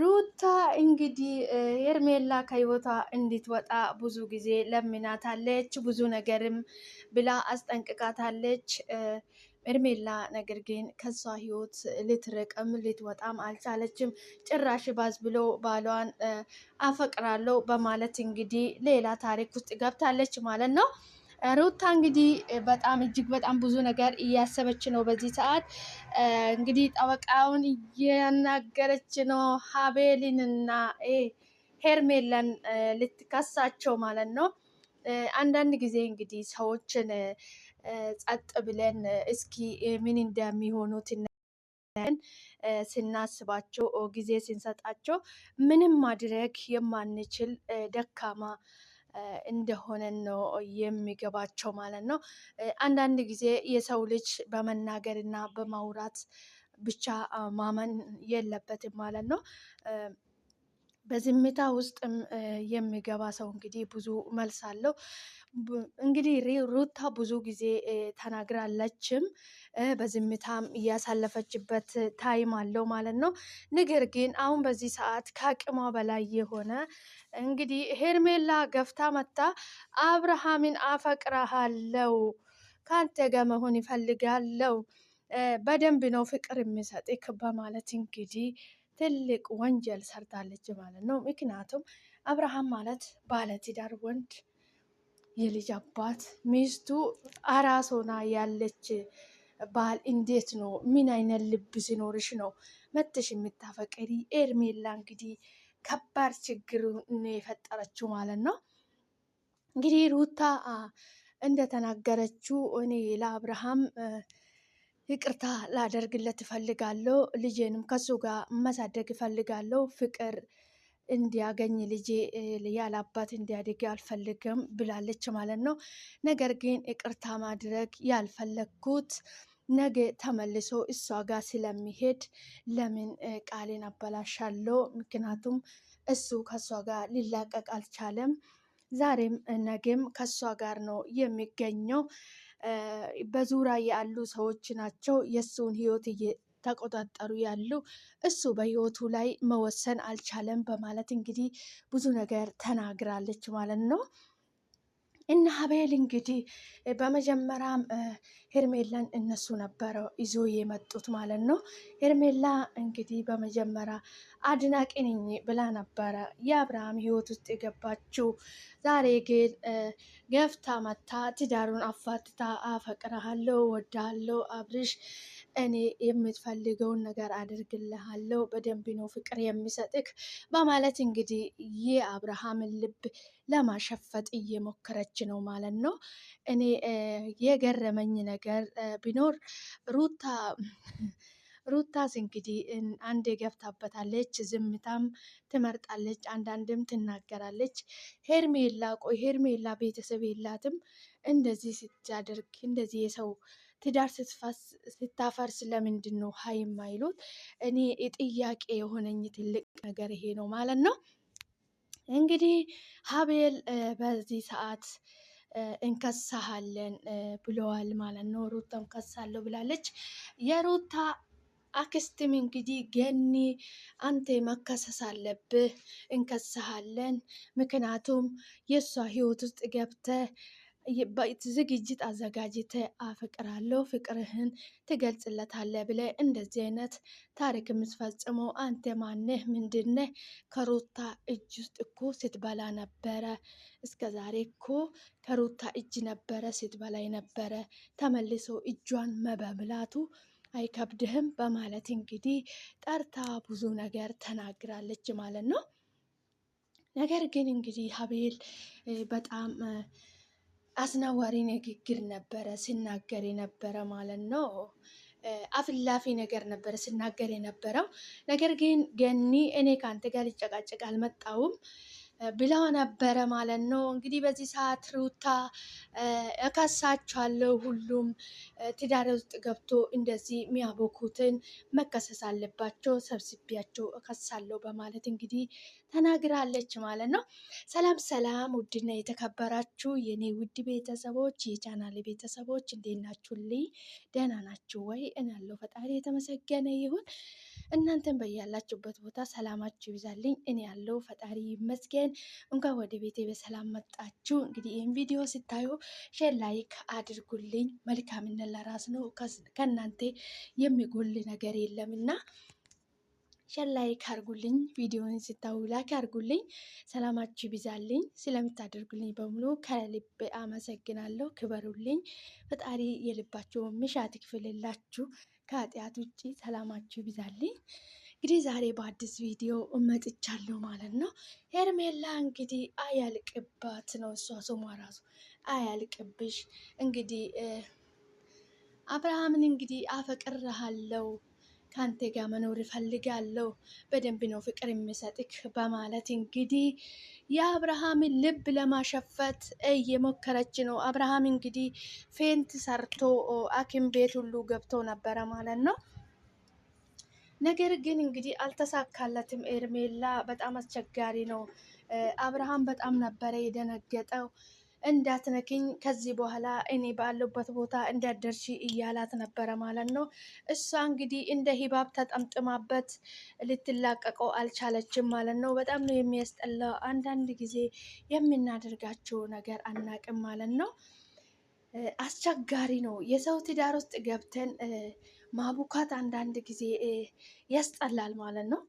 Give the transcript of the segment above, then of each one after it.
ሩታ እንግዲህ ሄርሜላ ከህይወቷ እንድትወጣ ብዙ ጊዜ ለምናታለች፣ ብዙ ነገርም ብላ አስጠንቅቃታለች። ሄርሜላ ነገር ግን ከሷ ህይወት ልትርቅም ልትወጣም አልቻለችም። ጭራሽ ባዝ ብሎ ባሏን አፈቅራለሁ በማለት እንግዲህ ሌላ ታሪክ ውስጥ ገብታለች ማለት ነው። ሩታ እንግዲህ በጣም እጅግ በጣም ብዙ ነገር እያሰበች ነው። በዚህ ሰዓት እንግዲህ ጠበቃውን እያናገረች ነው። ሀቤልንና ሄርሜላን ልትከሳቸው ማለት ነው። አንዳንድ ጊዜ እንግዲህ ሰዎችን ጸጥ ብለን እስኪ ምን እንደሚሆኑት ስናስባቸው ጊዜ ስንሰጣቸው ምንም ማድረግ የማንችል ደካማ እንደሆነ ነው የሚገባቸው ማለት ነው። አንዳንድ ጊዜ የሰው ልጅ በመናገርና በማውራት ብቻ ማመን የለበትም ማለት ነው። በዝምታ ውስጥ የሚገባ ሰው እንግዲህ ብዙ መልስ አለው። እንግዲህ ሩታ ብዙ ጊዜ ተናግራለችም በዝምታም እያሳለፈችበት ታይም አለው ማለት ነው። ነገር ግን አሁን በዚህ ሰዓት ከአቅሟ በላይ የሆነ እንግዲህ ሄርሜላ ገፍታ መታ አብርሃምን አፈቅረሃለው፣ ከአንተ ጋር መሆን ይፈልጋለው፣ በደንብ ነው ፍቅር የሚሰጥክ በማለት እንግዲህ ትልቅ ወንጀል ሰርታለች ማለት ነው። ምክንያቱም አብርሃም ማለት ባለትዳር ወንድ የልጅ አባት ሚስቱ አራስ ሆና ያለች ባል እንዴት ነው? ምን አይነት ልብ ሲኖርሽ ነው መተሽ የምታፈቅሪ? ኤርሜላ እንግዲህ ከባድ ችግር የፈጠረችው ማለት ነው። እንግዲህ ሩታ እንደተናገረችው እኔ ለአብርሃም ይቅርታ ላደርግለት እፈልጋለሁ። ልጄንም ከሱ ጋር መሳደግ እፈልጋለሁ። ፍቅር እንዲያገኝ ልጄ ያለ አባት እንዲያድግ አልፈልግም ብላለች ማለት ነው። ነገር ግን ይቅርታ ማድረግ ያልፈለግኩት ነገ ተመልሶ እሷ ጋር ስለሚሄድ ለምን ቃሌን አበላሻለሁ? ምክንያቱም እሱ ከእሷ ጋር ሊላቀቅ አልቻለም። ዛሬም ነገም ከእሷ ጋር ነው የሚገኘው። በዙሪያ ያሉ ሰዎች ናቸው የእሱን ህይወት እየተቆጣጠሩ ያሉ። እሱ በህይወቱ ላይ መወሰን አልቻለም በማለት እንግዲህ ብዙ ነገር ተናግራለች ማለት ነው። እና ሀቤል እንግዲህ በመጀመሪያም ሄርሜላን እነሱ ነበረ ይዞ የመጡት ማለት ነው። ሄርሜላ እንግዲህ በመጀመሪያ አድናቂ ነኝ ብላ ነበረ የአብርሃም ህይወት ውስጥ የገባችው። ዛሬ ግን ገፍታ መታ ትዳሩን አፋትታ አፈቅረሃለሁ፣ ወዳለሁ አብርሽ እኔ የምትፈልገውን ነገር አድርግልሃለሁ፣ በደንብ ነው ፍቅር የሚሰጥክ በማለት እንግዲህ አብርሃምን ልብ ለማሸፈጥ እየሞከረች ነው ማለት ነው። እኔ የገረመኝ ነገር ቢኖር ሩታ ሩታስ እንግዲህ አንዴ ገብታበታለች፣ ዝምታም ትመርጣለች፣ አንዳንድም ትናገራለች። ሄርሜላ ቆይ ሄርሜላ ቤተሰብ የላትም እንደዚህ ስታደርግ እንደዚህ የሰው ትዳር ስታፈርስ ለምንድን ነው ሀይ የማይሉት? እኔ ጥያቄ የሆነኝ ትልቅ ነገር ይሄ ነው ማለት ነው። እንግዲህ ሀቤል በዚህ ሰዓት እንከሳሃለን ብለዋል ማለት ነው። ሩታ እንከሳለሁ ብላለች። የሩታ አክስትም እንግዲህ ገኒ አንተ መከሰስ አለብህ፣ እንከሳሃለን ምክንያቱም የእሷ ህይወት ውስጥ ገብተ ዝግጅት አዘጋጅተ አፈቅራለሁ ፍቅርህን ትገልጽለታለ ብለ እንደዚህ አይነት ታሪክ የምትፈጽመው አንተ ማነህ? ምንድነ ከሩታ እጅ ውስጥ እኮ ስትበላ ነበረ። እስከ ዛሬ እኮ ከሩታ እጅ ነበረ ስትበላይ ነበረ። ተመልሶ እጇን መበብላቱ አይከብድህም? በማለት እንግዲህ ጠርታ ብዙ ነገር ተናግራለች ማለት ነው። ነገር ግን እንግዲህ ሀቤል በጣም አስነዋሪ ንግግር ነበረ ሲናገር የነበረ ማለት ነው። አፍላፊ ነገር ነበረ ሲናገር የነበረው ነገር ግን ገኒ እኔ ከአንተ ጋር ልጨቃጨቅ አልመጣውም ብለው ነበረ ማለት ነው። እንግዲህ በዚህ ሰዓት ሩታ እከሳችኋለሁ፣ ሁሉም ትዳር ውስጥ ገብቶ እንደዚህ የሚያቦኩትን መከሰስ አለባቸው፣ ሰብስቢያቸው እከሳለሁ በማለት እንግዲህ ተናግራለች ማለት ነው። ሰላም ሰላም፣ ውድና የተከበራችሁ የኔ ውድ ቤተሰቦች፣ የቻናል ቤተሰቦች እንዴት ናችሁልኝ? ደህና ናችሁ ወይ? እኔ ፈጣሪ የተመሰገነ ይሁን። እናንተን በያላችሁበት ቦታ ሰላማችሁ ይብዛልኝ። እኔ ያለው ፈጣሪ ይመስገን። እንኳን ወደ ቤቴ በሰላም መጣችሁ። እንግዲህ ይህን ቪዲዮ ስታዩ ሼር፣ ላይክ አድርጉልኝ። መልካምነት ለራስ ነው፣ ከእናንተ የሚጎል ነገር የለምና ሸር ላይክ አርጉልኝ፣ ቪዲዮን ስታዩ ላይክ አርጉልኝ። ሰላማችሁ ይብዛልኝ። ስለምታደርጉልኝ በሙሉ ከልብ አመሰግናለሁ። ክበሩልኝ። ፈጣሪ የልባችሁ ምሻት ክፍልላችሁ። ከኃጢአት ውጭ ሰላማችሁ ይብዛልኝ። እንግዲህ ዛሬ በአዲስ ቪዲዮ እመጥቻለሁ ማለት ነው። ሄርሜላ እንግዲህ አያልቅባት ነው እሷ ሶማ ራሱ አያልቅብሽ። እንግዲህ አብርሃምን እንግዲህ አፈቅርሃለው ከአንተ ጋ መኖር እፈልጋለሁ፣ በደንብ ነው ፍቅር የሚሰጥክ በማለት እንግዲህ የአብርሃምን ልብ ለማሸፈት እየሞከረች ነው። አብርሃም እንግዲህ ፌንት ሰርቶ አኪም ቤት ሁሉ ገብቶ ነበረ ማለት ነው። ነገር ግን እንግዲህ አልተሳካለትም። ኤርሜላ በጣም አስቸጋሪ ነው። አብርሃም በጣም ነበረ የደነገጠው። እንዳትነኪኝ ከዚህ በኋላ እኔ ባለሁበት ቦታ እንዳደርሺ እያላት ነበረ ማለት ነው። እሷ እንግዲህ እንደ ሂባብ ተጠምጥማበት ልትላቀቀው አልቻለችም ማለት ነው። በጣም ነው የሚያስጠላው። አንዳንድ ጊዜ የምናደርጋቸው ነገር አናቅም ማለት ነው። አስቸጋሪ ነው። የሰው ትዳር ውስጥ ገብተን ማቡካት አንዳንድ ጊዜ ያስጠላል ማለት ነው።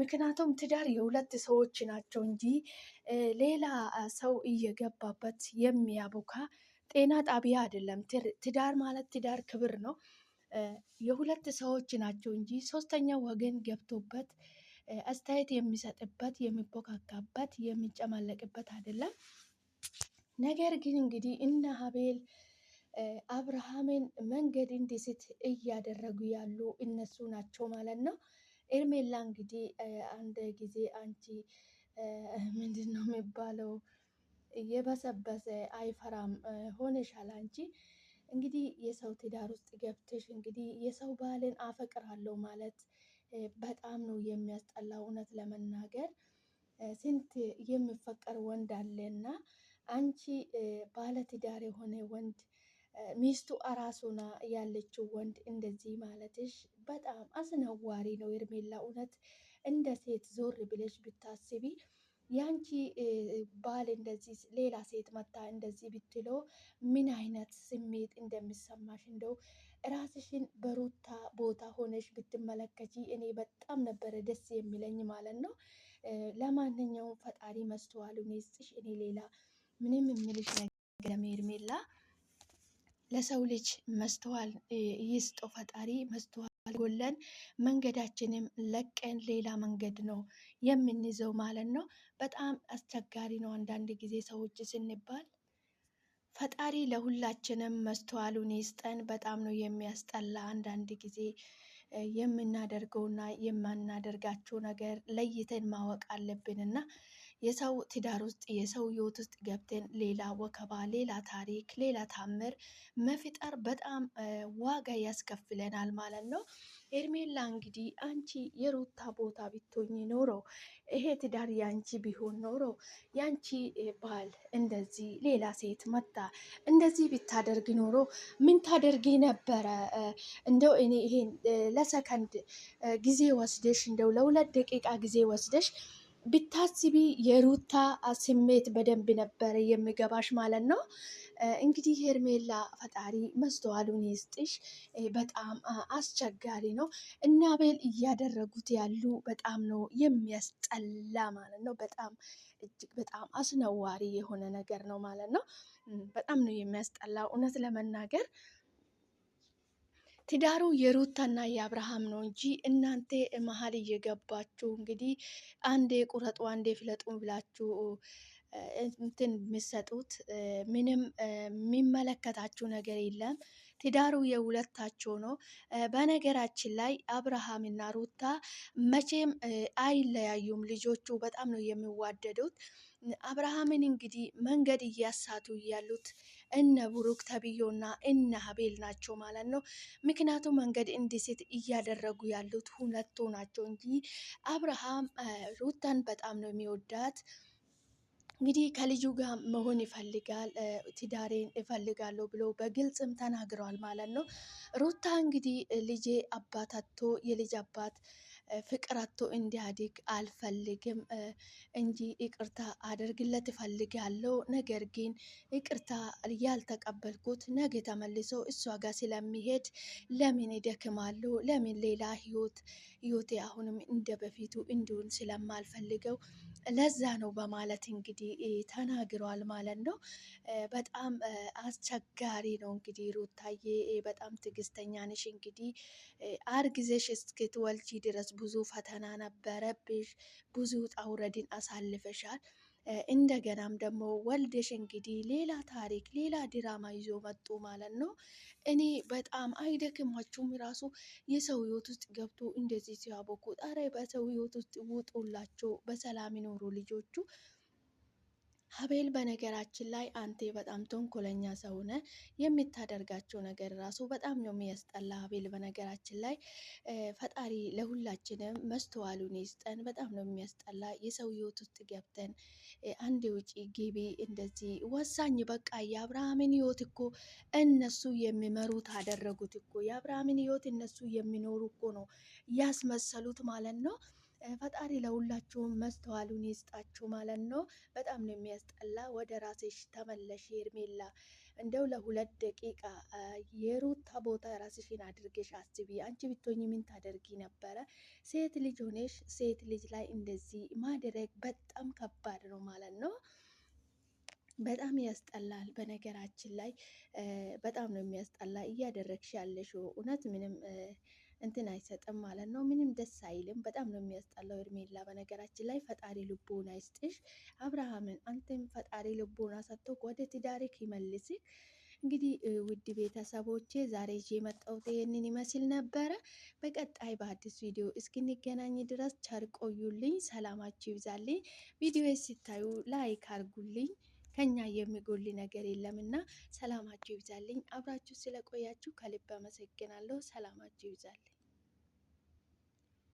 ምክንያቱም ትዳር የሁለት ሰዎች ናቸው እንጂ ሌላ ሰው እየገባበት የሚያቦካ ጤና ጣቢያ አይደለም። ትዳር ማለት ትዳር ክብር ነው። የሁለት ሰዎች ናቸው እንጂ ሶስተኛ ወገን ገብቶበት አስተያየት የሚሰጥበት፣ የሚቦካካበት፣ የሚጨማለቅበት አይደለም። ነገር ግን እንግዲህ እነ ሀቤል አብርሃምን መንገድ እንዲስት እያደረጉ ያሉ እነሱ ናቸው ማለት ነው። ኤርሜላ እንግዲህ አንድ ጊዜ አንቺ ምንድን ነው የሚባለው የበሰበሰ አይፈራም ሆነሻል። አንቺ እንግዲህ የሰው ትዳር ውስጥ ገብተሽ እንግዲህ የሰው ባልን አፈቅራለሁ ማለት በጣም ነው የሚያስጠላው። እውነት ለመናገር ስንት የሚፈቀር ወንድ እና አንቺ ባለትዳር የሆነ ወንድ ሚስቱ እራሱና ያለችው ወንድ እንደዚህ ማለትሽ በጣም አስነዋሪ ነው። ሄርሜላ እውነት እንደ ሴት ዞር ብለሽ ብታስቢ ያንቺ ባል እንደዚህ ሌላ ሴት መታ እንደዚህ ብትለው ምን አይነት ስሜት እንደሚሰማሽ እንደው ራስሽን በሩታ ቦታ ሆነሽ ብትመለከቺ እኔ በጣም ነበረ ደስ የሚለኝ ማለት ነው። ለማንኛውም ፈጣሪ መስተዋሉን ይስጥሽ። እኔ ሌላ ምንም የምልሽ ነገር ሄርሜላ ለሰው ልጅ መስተዋል ይስጠው ፈጣሪ። መስተዋል ጎለን መንገዳችንም ለቀን ሌላ መንገድ ነው የምንይዘው ማለት ነው። በጣም አስቸጋሪ ነው አንዳንድ ጊዜ ሰዎች ስንባል። ፈጣሪ ለሁላችንም መስተዋሉን ይስጠን። በጣም ነው የሚያስጠላ አንዳንድ ጊዜ የምናደርገውና የማናደርጋቸው ነገር ለይተን ማወቅ አለብን እና የሰው ትዳር ውስጥ የሰው ህይወት ውስጥ ገብተን ሌላ ወከባ፣ ሌላ ታሪክ፣ ሌላ ታምር መፍጠር በጣም ዋጋ ያስከፍለናል ማለት ነው። ሄርሜላ እንግዲህ አንቺ የሩታ ቦታ ብትሆኝ ኖሮ ይሄ ትዳር ያንቺ ቢሆን ኖሮ ያንቺ ባል እንደዚህ ሌላ ሴት መታ እንደዚህ ብታደርግ ኖሮ ምን ታደርጊ ነበረ? እንደው እኔ ይሄን ለሰከንድ ጊዜ ወስደሽ እንደው ለሁለት ደቂቃ ጊዜ ወስደሽ ብታስቢ የሩታ ስሜት በደንብ ነበር የሚገባሽ ማለት ነው። እንግዲህ ሄርሜላ ፈጣሪ መስተዋሉን ይስጥሽ። በጣም አስቸጋሪ ነው እና ቤል እያደረጉት ያሉ በጣም ነው የሚያስጠላ ማለት ነው። በጣም እጅግ በጣም አስነዋሪ የሆነ ነገር ነው ማለት ነው። በጣም ነው የሚያስጠላ እውነት ለመናገር ትዳሩ የሩታና የአብርሃም ነው እንጂ እናንተ መሀል እየገባችሁ እንግዲህ አንዴ ቁረጡ አንዴ ፍለጡ ብላችሁ እንትን የምትሰጡት ምንም የሚመለከታችሁ ነገር የለም። ትዳሩ የሁለታቸው ነው። በነገራችን ላይ አብርሃምና ሩታ መቼም አይለያዩም። ልጆቹ በጣም ነው የሚዋደዱት። አብርሃምን እንግዲህ መንገድ እያሳቱ ያሉት እነ ቡሩክ ተብዮና እነ ሀቤል ናቸው ማለት ነው። ምክንያቱም መንገድ እንዲስት እያደረጉ ያሉት ሁለቱ ናቸው እንጂ አብርሃም ሩታን በጣም ነው የሚወዳት። እንግዲህ ከልጁ ጋር መሆን ይፈልጋል፣ ትዳሬን ይፈልጋለሁ ብሎ በግልጽም ተናግረዋል ማለት ነው። ሩታ እንግዲህ ልጄ አባት አቶ የልጅ አባት ፍቅር እንዲያድግ አልፈልግም እንጂ ይቅርታ አደርግለት እፈልጋለሁ። ነገር ግን ይቅርታ ያልተቀበልኩት ነገ ተመልሶ እሷ ጋር ስለሚሄድ ለምን እደክማለሁ? ለምን ሌላ ህይወት ህይወቴ አሁንም እንደ በፊቱ እንዲሁን ስለማልፈልገው ለዛ ነው በማለት እንግዲህ ተናግሯል ማለት ነው። በጣም አስቸጋሪ ነው እንግዲህ ሩታዬ፣ በጣም ትግስተኛ ነሽ እንግዲህ አርግዜሽ እስክትወልጂ ድረስ ብዙ ፈተና ነበረብሽ፣ ብዙ ጣውረድን አሳልፈሻል። እንደገናም ደግሞ ወልደሽ እንግዲህ ሌላ ታሪክ ሌላ ድራማ ይዞ መጡ ማለት ነው። እኔ በጣም አይደክማችሁም? ራሱ የሰው ህይወት ውስጥ ገብቶ እንደዚህ ሲያቦኩ፣ ኧረ በሰው ህይወት ውስጥ ውጡላቸው፣ በሰላም ይኖሩ ልጆቹ። ሀቤል በነገራችን ላይ አንቴ በጣም ተንኮለኛ ሰሆነ የምታደርጋቸው ነገር ራሱ በጣም ነው የሚያስጠላ። ሀቤል በነገራችን ላይ ፈጣሪ ለሁላችንም መስተዋሉን ይስጠን። በጣም ነው የሚያስጠላ። የሰው ህይወት ውስጥ ገብተን አንድ ውጪ ግቢ እንደዚህ ወሳኝ በቃ የአብርሃምን ህይወት እኮ እነሱ የሚመሩት አደረጉት እኮ የአብርሃምን ህይወት እነሱ የሚኖሩ እኮ ነው ያስመሰሉት ማለት ነው። ፈጣሪ ለሁላችሁም መስተዋሉን ይስጣችሁ ማለት ነው። በጣም ነው የሚያስጠላ። ወደ ራሴሽ ተመለሽ ሄርሜላ። እንደው ለሁለት ደቂቃ የሩታ ቦታ ራስሽን አድርገሽ አስቢ። አንቺ ብትሆኚ ምን ታደርጊ ነበረ? ሴት ልጅ ሆነሽ ሴት ልጅ ላይ እንደዚህ ማድረግ በጣም ከባድ ነው ማለት ነው። በጣም ያስጠላል። በነገራችን ላይ በጣም ነው የሚያስጠላ እያደረግሽ ያለሽው እውነት ምንም እንትን አይሰጥም ማለት ነው። ምንም ደስ አይልም። በጣም ነው የሚያስጠላው። እርሜላ በነገራችን ላይ ፈጣሪ ልቦና ይስጥሽ። አብርሃምን አንተም ፈጣሪ ልቦና ሰጥቶ ወደ ትዳሪክ ይመልስ። እንግዲህ ውድ ቤተሰቦቼ ዛሬ ይዤ የመጣሁት ይህንን ይመስል ነበረ። በቀጣይ በአዲስ ቪዲዮ እስክንገናኝ ድረስ ቸር ቆዩልኝ። ሰላማችሁ ይብዛልኝ። ቪዲዮ ስታዩ ላይክ አርጉልኝ። ከኛ የሚጎል ነገር የለምና ሰላማችሁ ይብዛልኝ። አብራችሁ ስለቆያችሁ ከልብ አመሰግናለሁ። ሰላማችሁ ይብዛልኝ።